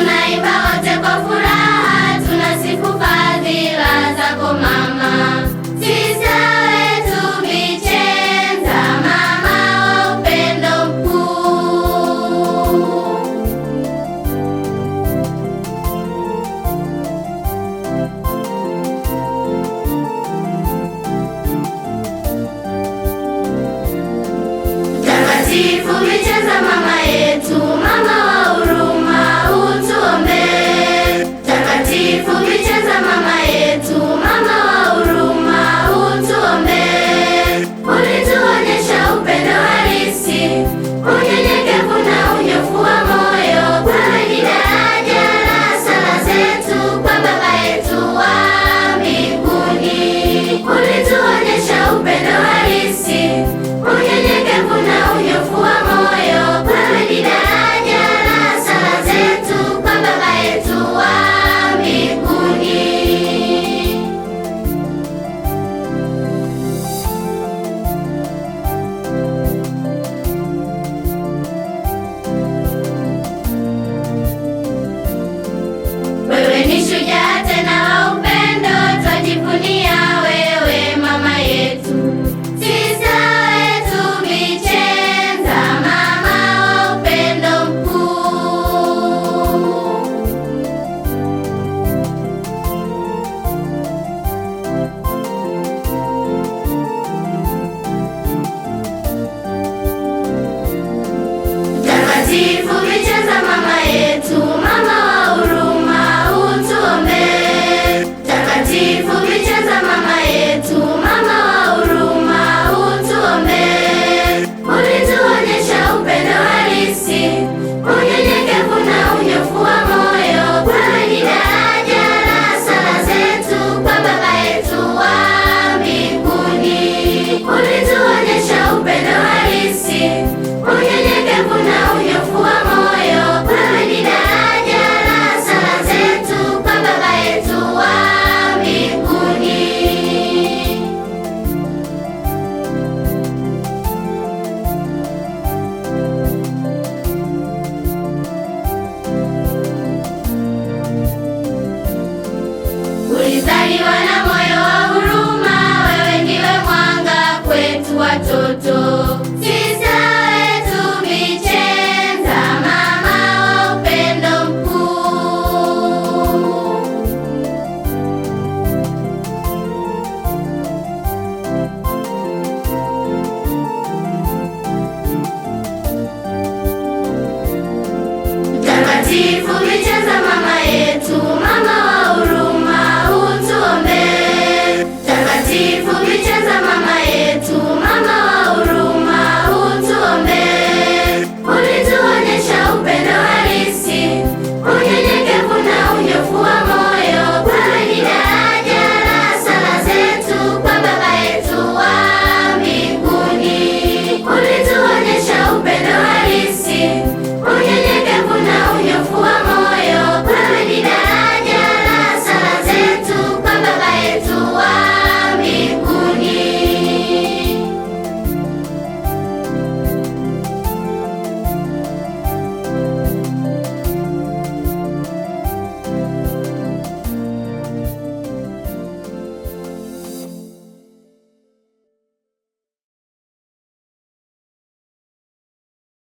tunaimba wote kwa furaha, tunasifu fadhila zako りは